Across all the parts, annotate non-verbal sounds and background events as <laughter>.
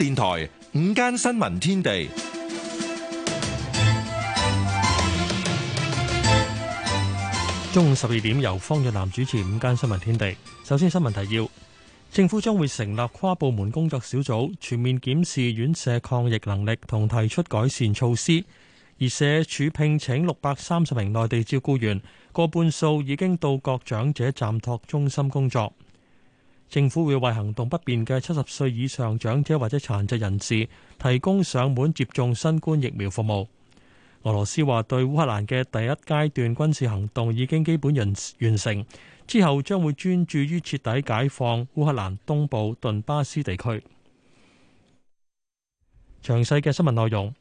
電台午間，新聞天地，中午十二點，由方若南主持午間新聞天地。首先新聞提要：政府將會成立跨部門工作小組，全面檢視院舍抗疫能力，同提出改善措施。而社署聘請六百三十名內地照顧員，過半數已經到各長者暫托中心工作。政府會為行動不便嘅七十歲以上長者或者殘疾人士提供上門接種新冠疫苗服務。俄羅斯話對烏克蘭嘅第一階段軍事行動已經基本完成，之後將會專注於徹底解放烏克蘭東部頓巴斯地區。詳細嘅新聞內容，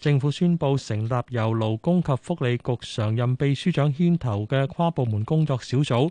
政府宣布成立由勞工及福利局常任秘書長牽頭嘅跨部門工作小組。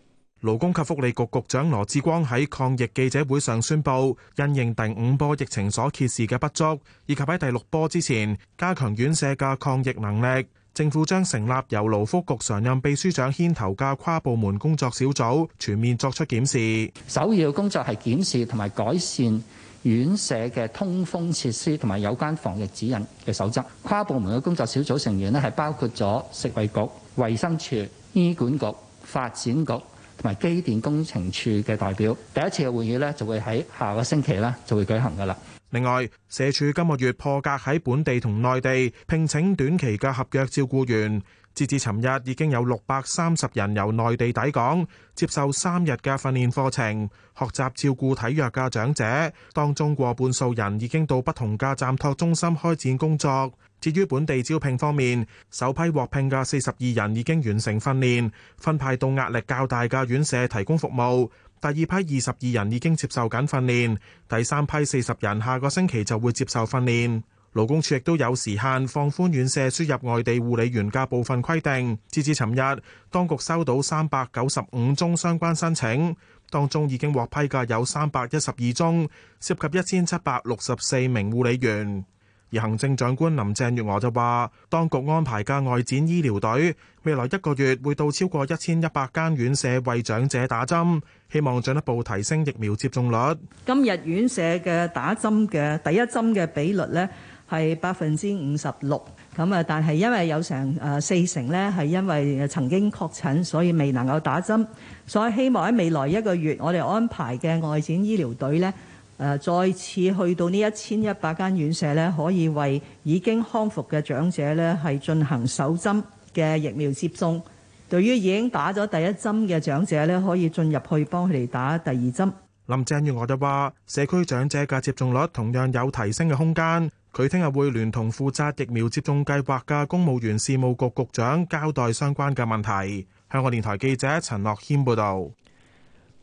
勞工及福利局局長羅致光喺抗疫記者會上宣布，因應第五波疫情所揭示嘅不足，以及喺第六波之前加強院舍嘅抗疫能力，政府將成立由勞福局常任秘書長牽頭嘅跨部門工作小組，全面作出檢視。首要工作係檢視同埋改善院舍嘅通風設施，同埋有關防疫指引嘅守則。跨部門嘅工作小組成員呢係包括咗食衛局、衛生署、醫管局、發展局。同埋機電工程署嘅代表，第一次嘅會議呢，就會喺下個星期呢就會舉行㗎啦。另外，社署今個月破格喺本地同內地聘請短期嘅合約照顧員。截至尋日，已經有六百三十人由內地抵港，接受三日嘅訓練課程，學習照顧體弱嘅長者。當中過半數人已經到不同嘅暫托中心開展工作。至於本地招聘方面，首批獲聘嘅四十二人已經完成訓練，分派到壓力較大嘅院舍提供服務，第二批二十二人已經接受緊訓練，第三批四十人下個星期就會接受訓練。勞工處亦都有時限放寬院舍輸入外地護理員嘅部分規定。截至尋日，當局收到三百九十五宗相關申請，當中已經獲批嘅有三百一十二宗，涉及一千七百六十四名護理員。而行政長官林鄭月娥就話，當局安排嘅外展醫療隊，未來一個月會到超過一千一百間院舍為長者打針，希望進一步提升疫苗接種率。今日院舍嘅打針嘅第一針嘅比率呢？係百分之五十六咁啊，但係因為有成誒、呃、四成咧，係因為曾經確診，所以未能夠打針。所以希望喺未來一個月，我哋安排嘅外展醫療隊呢，誒、呃、再次去到呢一千一百間院舍呢，可以為已經康復嘅長者呢，係進行首針嘅疫苗接種。對於已經打咗第一針嘅長者呢，可以進入去幫佢哋打第二針。林鄭月娥就話：社區長者嘅接種率同樣有提升嘅空間。佢聽日會聯同負責疫苗接種計劃嘅公務員事務局局長交代相關嘅問題。香港電台記者陳樂謙報道，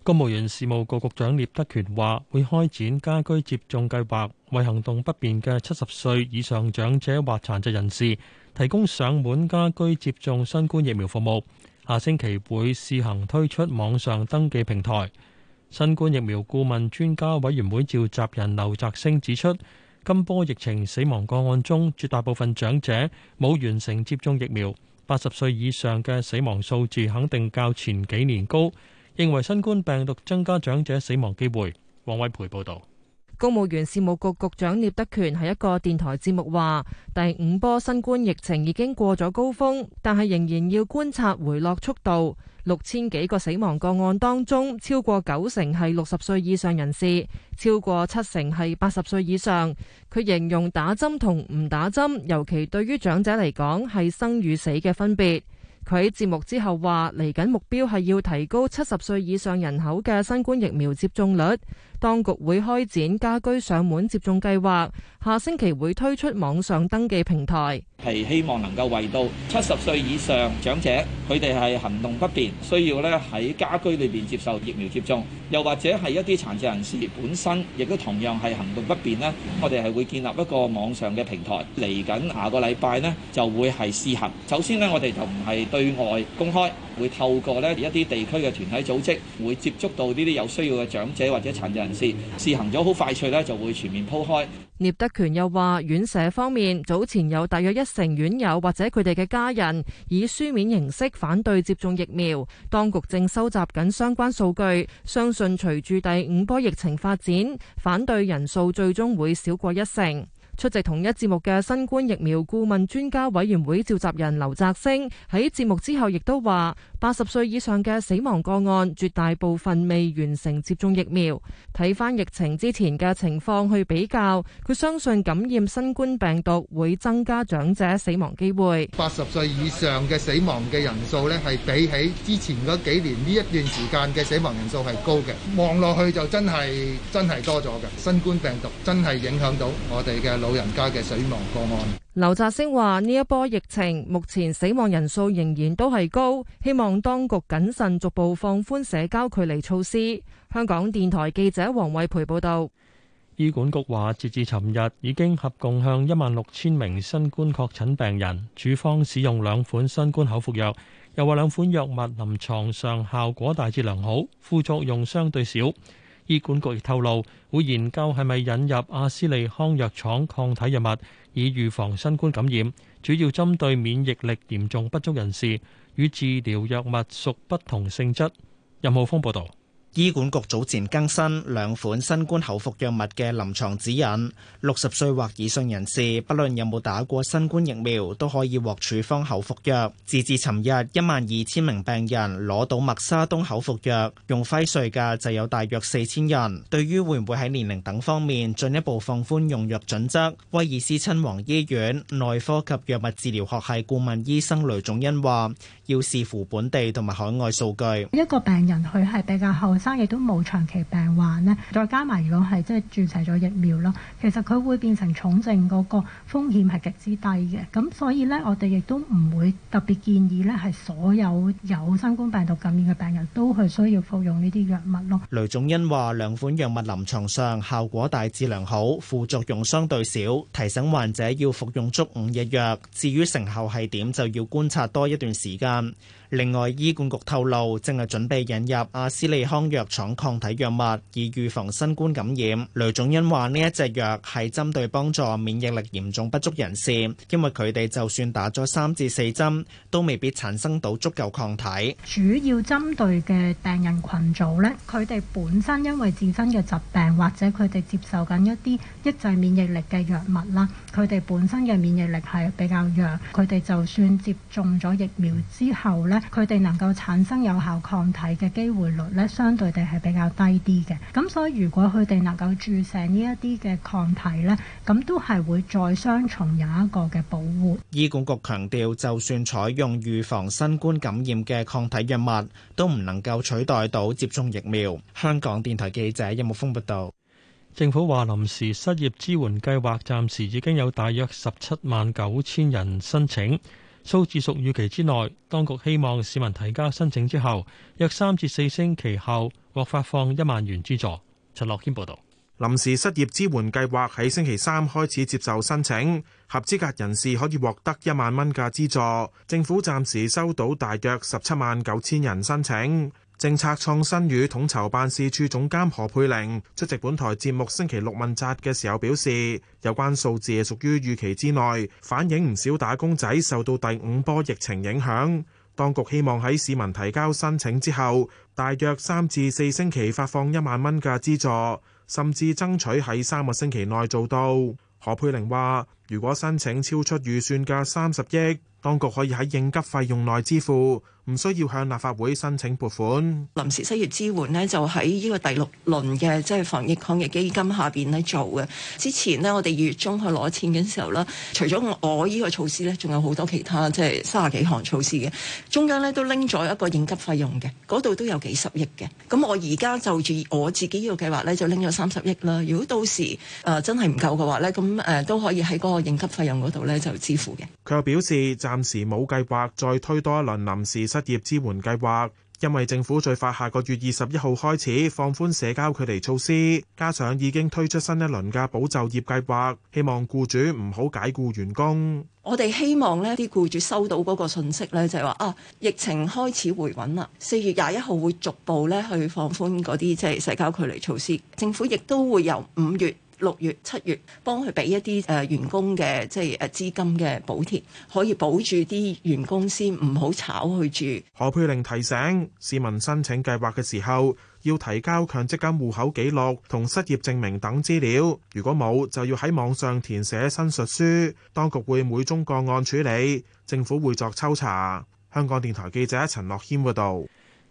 公務員事務局局長聶德權話，會開展家居接種計劃，為行動不便嘅七十歲以上長者或殘疾人士提供上門家居接種新冠疫苗服務。下星期會試行推出網上登記平台。新冠疫苗顧問專家委員會召集人劉澤星指出。今波疫情死亡個案中，絕大部分長者冇完成接種疫苗。八十歲以上嘅死亡數字肯定較前幾年高，認為新冠病毒增加長者死亡機會。黃偉培報導。公務員事務局局，局長聶德權喺一個電台節目話：第五波新冠疫情已經過咗高峰，但係仍然要觀察回落速度。六千幾個死亡個案當中，超過九成係六十歲以上人士，超過七成係八十歲以上。佢形容打針同唔打針，尤其對於長者嚟講，係生與死嘅分別。佢喺節目之後話，嚟緊目標係要提高七十歲以上人口嘅新冠疫苗接種率。當局會開展家居上門接種計劃，下星期會推出網上登記平台，係希望能夠為到七十歲以上長者，佢哋係行動不便，需要咧喺家居裏邊接受疫苗接種，又或者係一啲殘疾人士本身亦都同樣係行動不便咧，我哋係會建立一個網上嘅平台，嚟緊下個禮拜咧就會係試行。首先咧，我哋就唔係對外公開，會透過咧一啲地區嘅團體組織，會接觸到呢啲有需要嘅長者或者殘疾人。試行咗好快脆咧，就會全面鋪開。聶德權又話：院舍方面，早前有大約一成院友或者佢哋嘅家人以書面形式反對接種疫苗，當局正收集緊相關數據，相信隨住第五波疫情發展，反對人數最終會少過一成。出席同一節目嘅新冠疫苗顧問專家委員會召集人劉澤星喺節目之後亦都話：八十歲以上嘅死亡個案絕大部分未完成接種疫苗。睇翻疫情之前嘅情況去比較，佢相信感染新冠病毒會增加長者死亡機會。八十歲以上嘅死亡嘅人數咧，係比起之前嗰幾年呢一段時間嘅死亡人數係高嘅。望落去就真係真係多咗嘅。新冠病毒真係影響到我哋嘅老。老人家嘅死亡個案，劉澤星話呢一波疫情目前死亡人數仍然都係高，希望當局謹慎逐步放寬社交距離措施。香港電台記者黃慧培報道。醫管局話截至尋日，已經合共向一萬六千名新冠確診病人處方使用兩款新冠口服藥，又話兩款藥物臨床上效果大致良好，副作用相對少。醫管局亦透露。會研究係咪引入阿斯利康藥廠抗體藥物，以預防新冠感染，主要針對免疫力嚴重不足人士，與治療藥物屬不同性質。任浩峯報導。醫管局早前更新兩款新冠口服藥物嘅臨床指引，六十歲或以上人士不論有冇打過新冠疫苗，都可以獲處方口服藥。截至尋日，一萬二千名病人攞到默沙東口服藥，用輝瑞嘅就有大約四千人。對於會唔會喺年齡等方面進一步放寬用藥準則，威爾斯親王醫院內科及藥物治療學係顧問醫生雷總恩話，要視乎本地同埋海外數據。一個病人佢係比較後生。亦都冇長期病患咧，再加埋如果係即係注射咗疫苗咯，其實佢會變成重症嗰個風險係極之低嘅。咁所以咧，我哋亦都唔會特別建議咧，係所有有新冠病毒感染嘅病人都係需要服用呢啲藥物咯。雷總欣話：兩款藥物臨床上效果大致良好，副作用相對少，提醒患者要服用足五日藥。至於成效係點，就要觀察多一段時間。另外，醫管局透露正係準備引入阿斯利康藥廠抗體藥物，以預防新冠感染。雷仲恩話：呢一隻藥係針對幫助免疫力嚴重不足人士，因為佢哋就算打咗三至四針，都未必產生到足夠抗體。主要針對嘅病人群組咧，佢哋本身因為自身嘅疾病或者佢哋接受緊一啲抑制免疫力嘅藥物啦，佢哋本身嘅免疫力係比較弱，佢哋就算接種咗疫苗之後咧。佢哋能夠產生有效抗體嘅機會率呢，相對地係比較低啲嘅。咁所以如果佢哋能夠注射呢一啲嘅抗體呢，咁都係會再雙重有一個嘅保護。醫管局強調，就算採用預防新冠感染嘅抗體藥物，都唔能夠取代到接種疫苗。香港電台記者任木峰報導。政府話，臨時失業支援計劃暫時已經有大約十七萬九千人申請。數字屬預期之內，當局希望市民提交申請之後，約三至四星期後獲發放一萬元資助。陳樂軒報道。臨時失業支援計劃喺星期三開始接受申請，合資格人士可以獲得一萬蚊嘅資助。政府暫時收到大約十七萬九千人申請。政策創新與統籌辦事處總監何佩玲出席本台節目星期六問責嘅時候表示，有關數字屬於預期之內，反映唔少打工仔受到第五波疫情影響，當局希望喺市民提交申請之後大約三至四星期發放一萬蚊嘅資助，甚至爭取喺三個星期內做到。何佩玲話。如果申請超出預算嘅三十億，當局可以喺應急費用內支付，唔需要向立法會申請撥款。臨時失業支援呢，就喺呢個第六輪嘅即係防疫抗疫基金下邊咧做嘅。之前呢，我哋二月中去攞錢嘅時候咧，除咗我呢個措施咧，仲有好多其他即係三十幾項措施嘅。中間咧都拎咗一個應急費用嘅，嗰度都有幾十億嘅。咁我而家就住我自己個計劃呢個計劃咧，就拎咗三十億啦。如果到時誒、呃、真係唔夠嘅話咧，咁誒、呃、都可以喺個。應急費用嗰度咧就支付嘅。佢又表示暫時冇計劃再推多一輪臨時失業支援計劃，因為政府最快下個月二十一號開始放寬社交距離措施，加上已經推出新一輪嘅保就業計劃，希望僱主唔好解僱員工。我哋希望呢啲僱主收到嗰個信息呢，就係話啊，疫情開始回穩啦，四月廿一號會逐步咧去放寬嗰啲即係社交距離措施，政府亦都會由五月。六月、七月幫佢俾一啲誒員工嘅即係誒資金嘅補貼，可以保住啲員工先唔好炒佢住。何佩玲提醒市民申請計劃嘅時候，要提交強積金戶口記錄同失業證明等資料。如果冇，就要喺網上填寫申述書。當局會每宗個案處理，政府會作抽查。香港電台記者陳樂軒報導。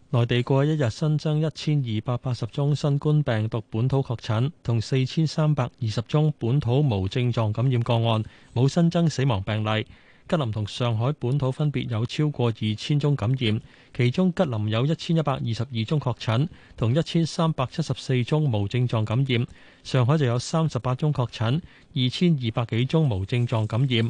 內地過去一日新增一千二百八十宗新冠病毒本土確診，同四千三百二十宗本土無症狀感染個案，冇新增死亡病例。吉林同上海本土分別有超過二千宗感染，其中吉林有一千一百二十二宗確診，同一千三百七十四宗無症狀感染；上海就有三十八宗確診，二千二百幾宗無症狀感染。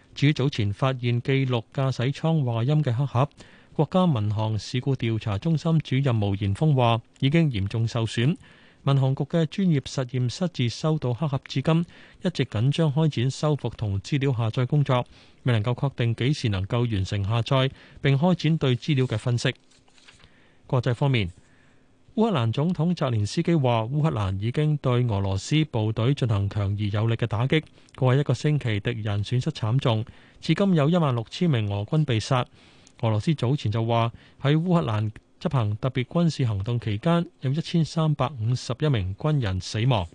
至於早前發現記錄駕駛艙話音嘅黑盒，國家民航事故調查中心主任毛延峰話：已經嚴重受損，民航局嘅專業實驗室自收到黑盒至今，一直緊張開展修復同資料下載工作，未能夠確定幾時能夠完成下載並開展對資料嘅分析。國際方面。烏克蘭總統澤連斯基話：烏克蘭已經對俄羅斯部隊進行強而有力嘅打擊。過去一個星期，敵人損失慘重，至今有一萬六千名俄軍被殺。俄羅斯早前就話喺烏克蘭執行特別軍事行動期間，有一千三百五十一名軍人死亡。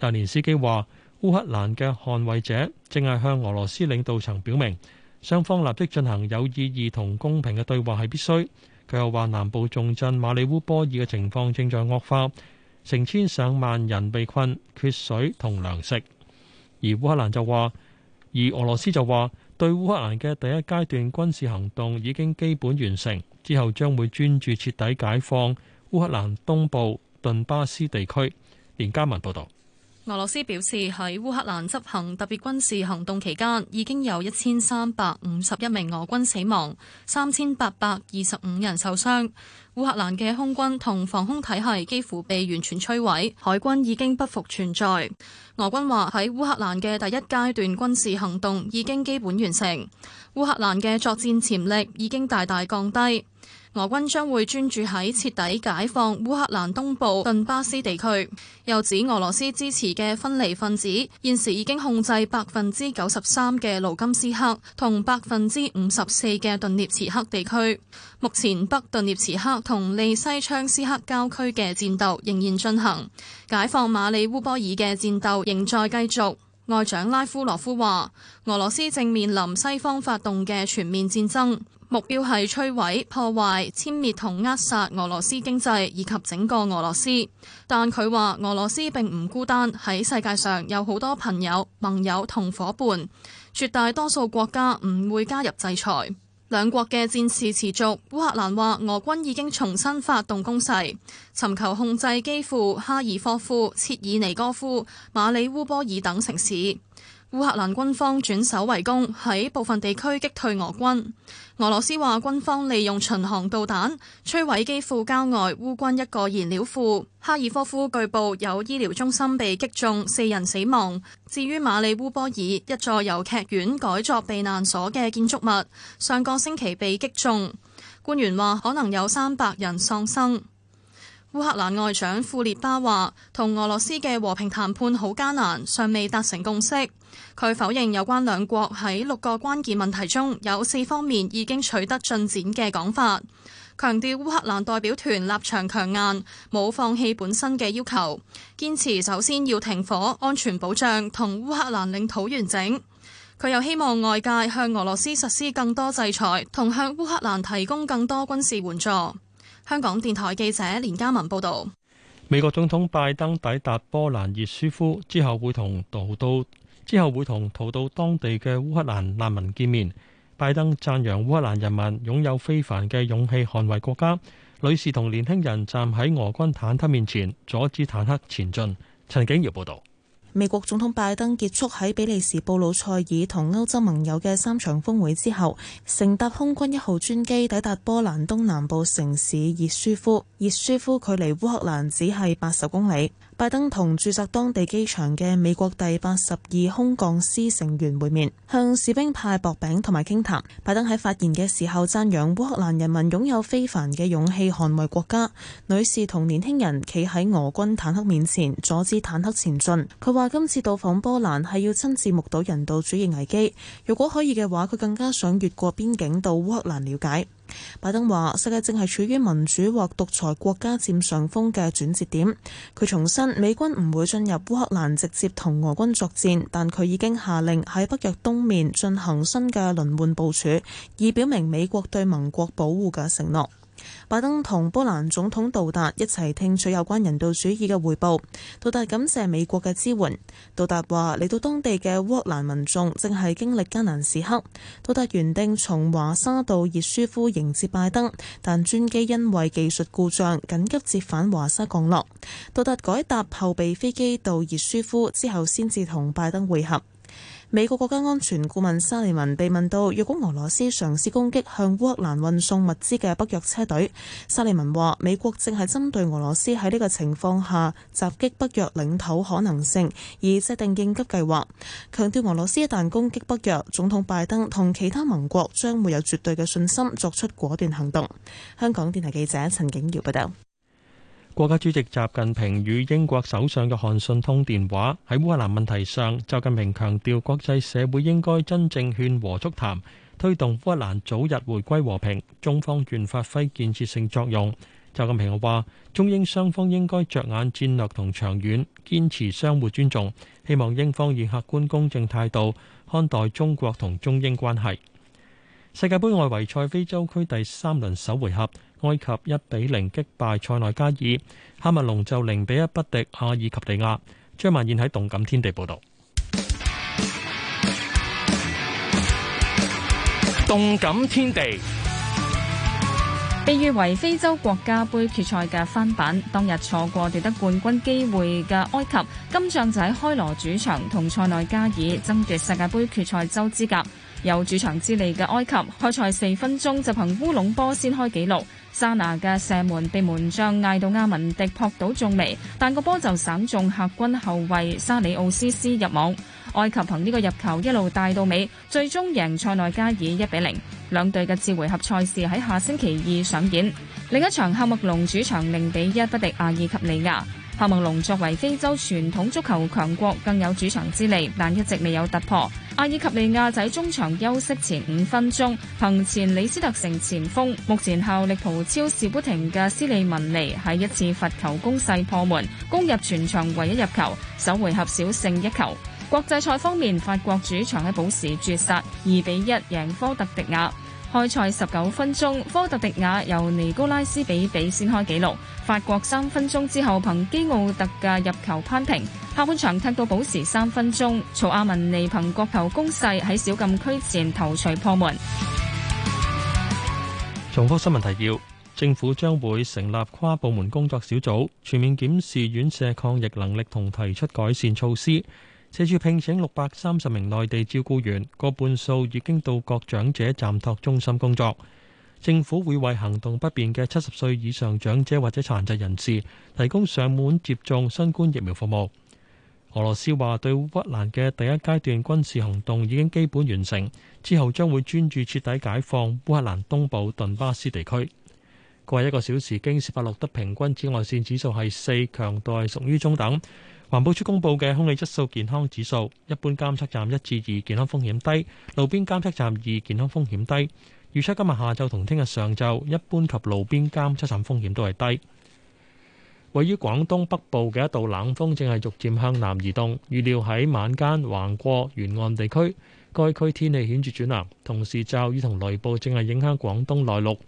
澤連斯基話：烏克蘭嘅捍衛者正係向俄羅斯領導層表明，雙方立即進行有意義同公平嘅對話係必須。佢又話南部重鎮馬里烏波爾嘅情況正在惡化，成千上萬人被困，缺水同糧食。而烏克蘭就話，而俄羅斯就話，對烏克蘭嘅第一階段軍事行動已經基本完成，之後將會專注徹底解放烏克蘭東部頓巴斯地區。連加文報導。俄羅斯表示喺烏克蘭執行特別軍事行動期間，已經有一千三百五十一名俄軍死亡，三千八百二十五人受傷。烏克蘭嘅空軍同防空體系幾乎被完全摧毀，海軍已經不復存在。俄軍話喺烏克蘭嘅第一階段軍事行動已經基本完成，烏克蘭嘅作戰潛力已經大大降低。俄軍將會專注喺徹底解放烏克蘭東部頓巴斯地區。又指俄羅斯支持嘅分離分子現時已經控制百分之九十三嘅盧甘斯克同百分之五十四嘅頓涅茨克地區。目前北頓涅茨克同利西昌斯克郊區嘅戰鬥仍然進行，解放馬里烏波爾嘅戰鬥仍在繼續。外長拉夫羅夫話：俄羅斯正面臨西方發動嘅全面戰爭。目標係摧毀、破壞、殲滅同扼殺俄羅斯經濟以及整個俄羅斯。但佢話俄羅斯並唔孤單，喺世界上有好多朋友、盟友同伙伴。絕大多數國家唔會加入制裁。兩國嘅戰事持續。烏克蘭話俄軍已經重新發動攻勢，尋求控制基輔、哈爾科夫、切爾尼戈夫、馬里烏波爾等城市。烏克蘭軍方轉守為攻，喺部分地區擊退俄軍。俄羅斯話軍方利用巡航導彈摧毀基輔郊外烏軍一個燃料庫。哈爾科夫據報有醫療中心被擊中，四人死亡。至於馬里烏波爾，一座由劇院改作避難所嘅建築物，上個星期被擊中。官員話可能有三百人喪生。烏克蘭外長庫列巴話：同俄羅斯嘅和平談判好艱難，尚未達成共識。佢否認有關兩國喺六個關鍵問題中有四方面已經取得進展嘅講法，強調烏克蘭代表團立場強硬，冇放棄本身嘅要求，堅持首先要停火、安全保障同烏克蘭領土完整。佢又希望外界向俄羅斯實施更多制裁，同向烏克蘭提供更多軍事援助。香港電台記者連嘉文報道，美國總統拜登抵達波蘭熱舒夫之後會同逃到之後會同逃到當地嘅烏克蘭難民見面。拜登讚揚烏克蘭人民擁有非凡嘅勇氣捍衛國家，女士同年輕人站喺俄軍坦克面前阻止坦克前進。陳景瑤報道。美國總統拜登結束喺比利時布魯塞爾同歐洲盟友嘅三場峰會之後，乘搭空軍一號專機抵達波蘭東南部城市熱舒夫。熱舒夫距離烏克蘭只係八十公里。拜登同駐紮當地機場嘅美國第八十二空降師成員會面，向士兵派薄餅同埋傾談。拜登喺發言嘅時候讚揚烏克蘭人民擁有非凡嘅勇氣捍衛國家。女士同年輕人企喺俄軍坦克面前阻止坦克前進。佢話。今次到訪波蘭係要親自目睹人道主義危機。如果可以嘅話，佢更加想越過邊境到烏克蘭了解。拜登話：世界正係處於民主或獨裁國家佔上風嘅轉折點。佢重申美軍唔會進入烏克蘭直接同俄軍作戰，但佢已經下令喺北約東面進行新嘅輪換部署，以表明美國對盟國保護嘅承諾。拜登同波蘭總統杜達一齊聽取有關人道主義嘅匯報。杜達感謝美國嘅支援。杜達話嚟到當地嘅烏克蘭民眾正係經歷艱難時刻。杜達原定從華沙到熱舒夫迎接拜登，但專機因為技術故障緊急折返華沙降落。杜達改搭後備飛機到熱舒夫之後，先至同拜登會合。美國國家安全顧問沙利文被問到，若果俄羅斯嘗試攻擊向烏克蘭運送物資嘅北約車隊，沙利文話：美國正係針對俄羅斯喺呢個情況下襲擊北約領土可能性而制定應急計劃，強調俄羅斯一旦攻擊北約，總統拜登同其他盟國將會有絕對嘅信心作出果斷行動。香港電台記者陳景瑤報道。國家主席習近平與英國首相約翰遜通電話。喺烏克蘭問題上，習近平強調國際社會應該真正勸和促談，推動烏克蘭早日回歸和平。中方願發揮建設性作用。習近平又話：中英雙方應該着眼戰略同長遠，堅持相互尊重。希望英方以客觀公正態度看待中國同中英關係。世界杯外圍賽非洲區第三輪首回合，埃及一比零擊敗塞內加爾，喀麥隆就零比一不敵阿爾及利亞。張曼燕喺動感天地報道。動感天地。報被譽為非洲國家盃決賽嘅翻版，當日錯過奪得冠軍機會嘅埃及今仗就喺開羅主場同塞內加爾爭奪世界盃決賽周資格。有主場之利嘅埃及開賽四分鐘就憑烏龍波先開紀錄，沙拿嘅射門被門將嗌到阿文迪撲倒中楣，但個波就省中客軍後衛沙里奧斯斯入網。埃及憑呢個入球一路帶到尾，最終贏賽內加爾一比零。兩隊嘅次回合賽事喺下星期二上演。另一場喀麥隆主場零比一不敵阿爾及利亞。喀麥隆作為非洲傳統足球強國，更有主場之利，但一直未有突破。阿爾及利亞仔中場休息前五分鐘，憑前李斯特城前鋒，目前效力葡超士砵亭嘅斯利文尼喺一次罰球攻勢破門，攻入全場唯一入球，首回合小勝一球。國際賽方面，法國主場喺補時絕殺，二比一贏科特迪瓦。開賽十九分鐘，科特迪瓦由尼高拉斯比比先開紀錄。法國三分鐘之後憑基奧特嘅入球攀平。下半場踢到補時三分鐘，曹阿文尼憑角球攻勢喺小禁區前頭槌破門。重複新聞提要：政府將會成立跨部門工作小組，全面檢視院舍抗疫能力同提出改善措施。四處聘請六百三十名內地照顧員，過半數已經到各長者暫託中心工作。政府會為行動不便嘅七十歲以上長者或者殘疾人士提供上門接種新冠疫苗服務。俄羅斯話，對烏克蘭嘅第一階段軍事行動已經基本完成，之後將會專注徹底解放烏克蘭東部頓巴斯地區。過一個小時經，京士柏錄得平均紫外線指數係四，強度係屬於中等。環保署公布嘅空氣質素健康指數，一般監測站一至二健康風險低，路邊監測站二健康風險低。預測今日下晝同聽日上晝，一般及路邊監測站風險都係低。位於廣東北部嘅一道冷鋒正係逐漸向南移動，預料喺晚間橫過沿岸地區，該區天氣顯著轉涼，同時驟雨同雷暴正係影響廣東內陸。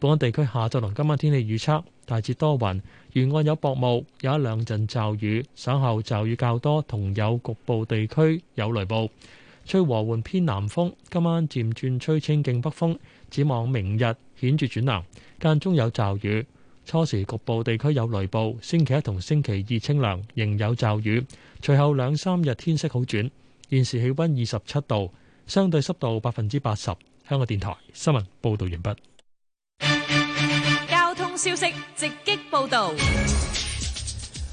本港地區下晝同今晚天氣預測大致多雲。沿岸有薄霧，有一兩陣驟雨，稍後驟雨較多，同有局部地區有雷暴。吹和緩偏南風，今晚漸轉吹清勁北風，展望明日顯著轉涼，間中有驟雨。初時局部地區有雷暴，星期一同星期二清涼，仍有驟雨。隨後兩三日天色好轉。現時氣温二十七度，相對濕度百分之八十。香港電台新聞報導完畢。消息直擊報道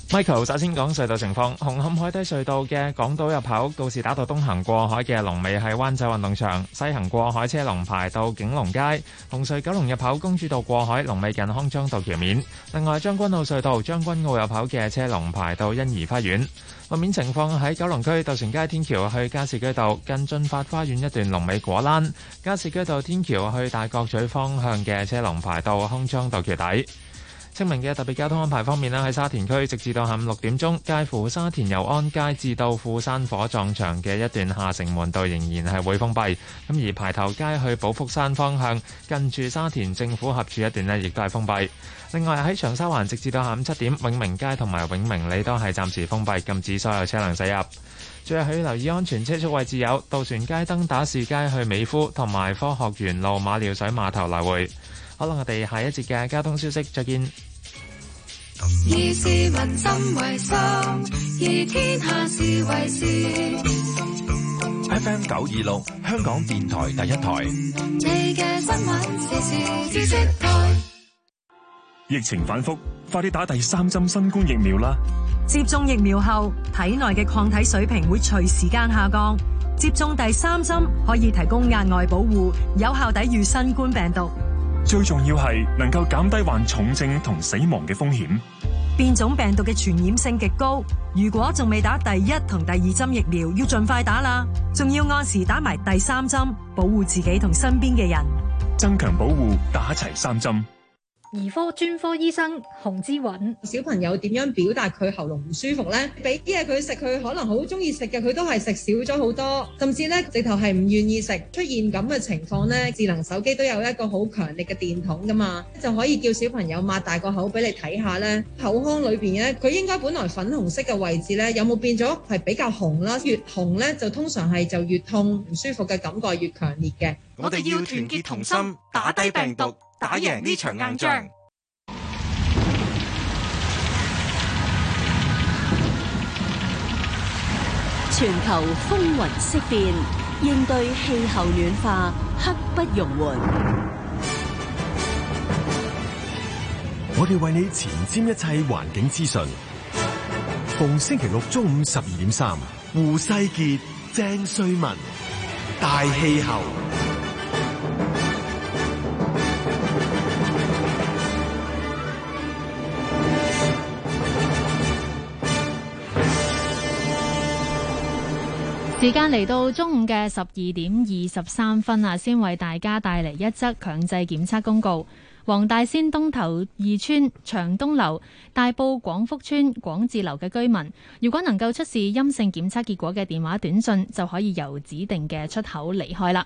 ，Michael，首先講隧道情況。紅磡海底隧道嘅港島入口，告示打到東行過海嘅龍尾喺灣仔運動場；西行過海車龍排到景隆街。紅隧九龍入口公主道過海龍尾近康莊道橋面。另外，將軍澳隧道將軍澳入口嘅車龍排到欣怡花園。路面情況，喺九龍區渡船街天橋去加士居道近進發花園一段龍尾果欄，加士居道天橋去大角咀方向嘅車龍排到空昌道橋底。清明嘅特別交通安排方面咧，喺沙田區，直至到下午六點鐘，介乎沙田油安街至到富山火葬場嘅一段下城門道仍然係會封閉。咁而排頭街去寶福山方向，近住沙田政府合署一段呢亦都係封閉。另外喺長沙灣，直至到下午七點，永明街同埋永明里都係暫時封閉，禁止所有車輛駛入。最後要留意安全車速位置，有渡船街、登打士街去美孚同埋科學園路馬料水碼頭來回。可能我哋下一節嘅交通消息再見。以市民心為心，以天下事為事。F.M. 九二六，香港電台第一台。你嘅新聞時事知識台。疫情反復，快啲打第三針新冠疫苗啦！接種疫苗後，體內嘅抗體水平會隨時間下降。接種第三針可以提供額外保護，有效抵禦新冠病毒。最重要係能夠減低患重症同死亡嘅風險。變種病毒嘅傳染性極高，如果仲未打第一同第二針疫苗，要盡快打啦。仲要按時打埋第三針，保護自己同身邊嘅人。增強保護，打齊三針。兒科專科醫生洪之韻，小朋友點樣表達佢喉嚨唔舒服呢？俾啲嘢，佢食，佢可能好中意食嘅，佢都係食少咗好多，甚至呢直頭係唔願意食。出現咁嘅情況呢，智能手機都有一個好強力嘅電筒噶嘛，就可以叫小朋友擘大個口俾你睇下呢。口腔裏邊呢，佢應該本來粉紅色嘅位置呢，有冇變咗係比較紅啦？越紅呢，就通常係就越痛，唔舒服嘅感覺越強烈嘅。我哋要團結同心，打低病毒，打贏呢場硬仗。全球風雲色變，應對氣候暖化，刻不容緩。 <noise> 我哋為你前瞻一切環境資訊，逢星期六中午十二點三，胡世傑、鄭瑞文，大氣候。時間嚟到中午嘅十二點二十三分啊，先為大家帶嚟一則強制檢測公告。黃大仙東頭二村長東樓、大埔廣福村廣智樓嘅居民，如果能夠出示陰性檢測結果嘅電話短信，就可以由指定嘅出口離開啦。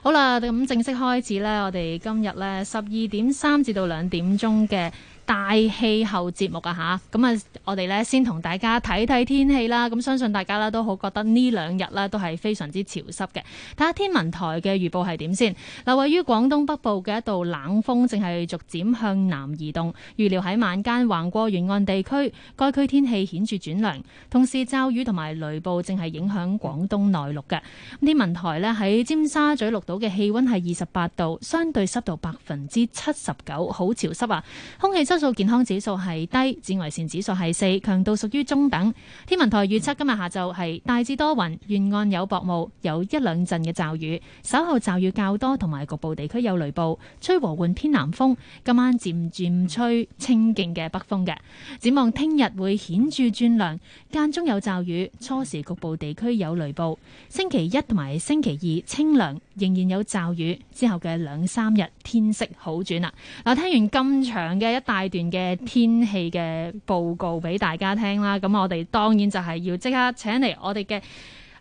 好啦，咁正式開始呢，我哋今日呢十二點三至到兩點鐘嘅。大氣候節目啊，嚇！咁啊，我哋咧先同大家睇睇天氣啦。咁相信大家咧都好覺得呢兩日呢都係非常之潮濕嘅。睇下天文台嘅預報係點先。嗱，位於廣東北部嘅一道冷風正係逐漸向南移動，預料喺晚間橫過沿岸地區，該區天氣顯著轉涼，同時驟雨同埋雷暴正係影響廣東內陸嘅。天文台呢喺尖沙咀綠島嘅氣温係二十八度，相對濕度百分之七十九，好潮濕啊！空氣質。多數健康指數係低，紫外線指數係四，強度屬於中等。天文台預測今日下晝係大致多雲，沿岸有薄霧，有一兩陣嘅驟雨，稍後驟雨較多，同埋局部地區有雷暴，吹和緩偏南風。今晚漸漸吹清勁嘅北風嘅，展望聽日會顯著轉涼，間中有驟雨，初時局部地區有雷暴。星期一同埋星期二清涼，仍然有驟雨，之後嘅兩三日天，天色好轉啦。嗱，聽完咁長嘅一大。段嘅天氣嘅報告俾大家聽啦，咁我哋當然就係要即刻請嚟我哋嘅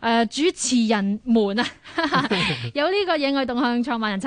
誒主持人們啊，哈哈 <laughs> 有呢個野外動向創辦人。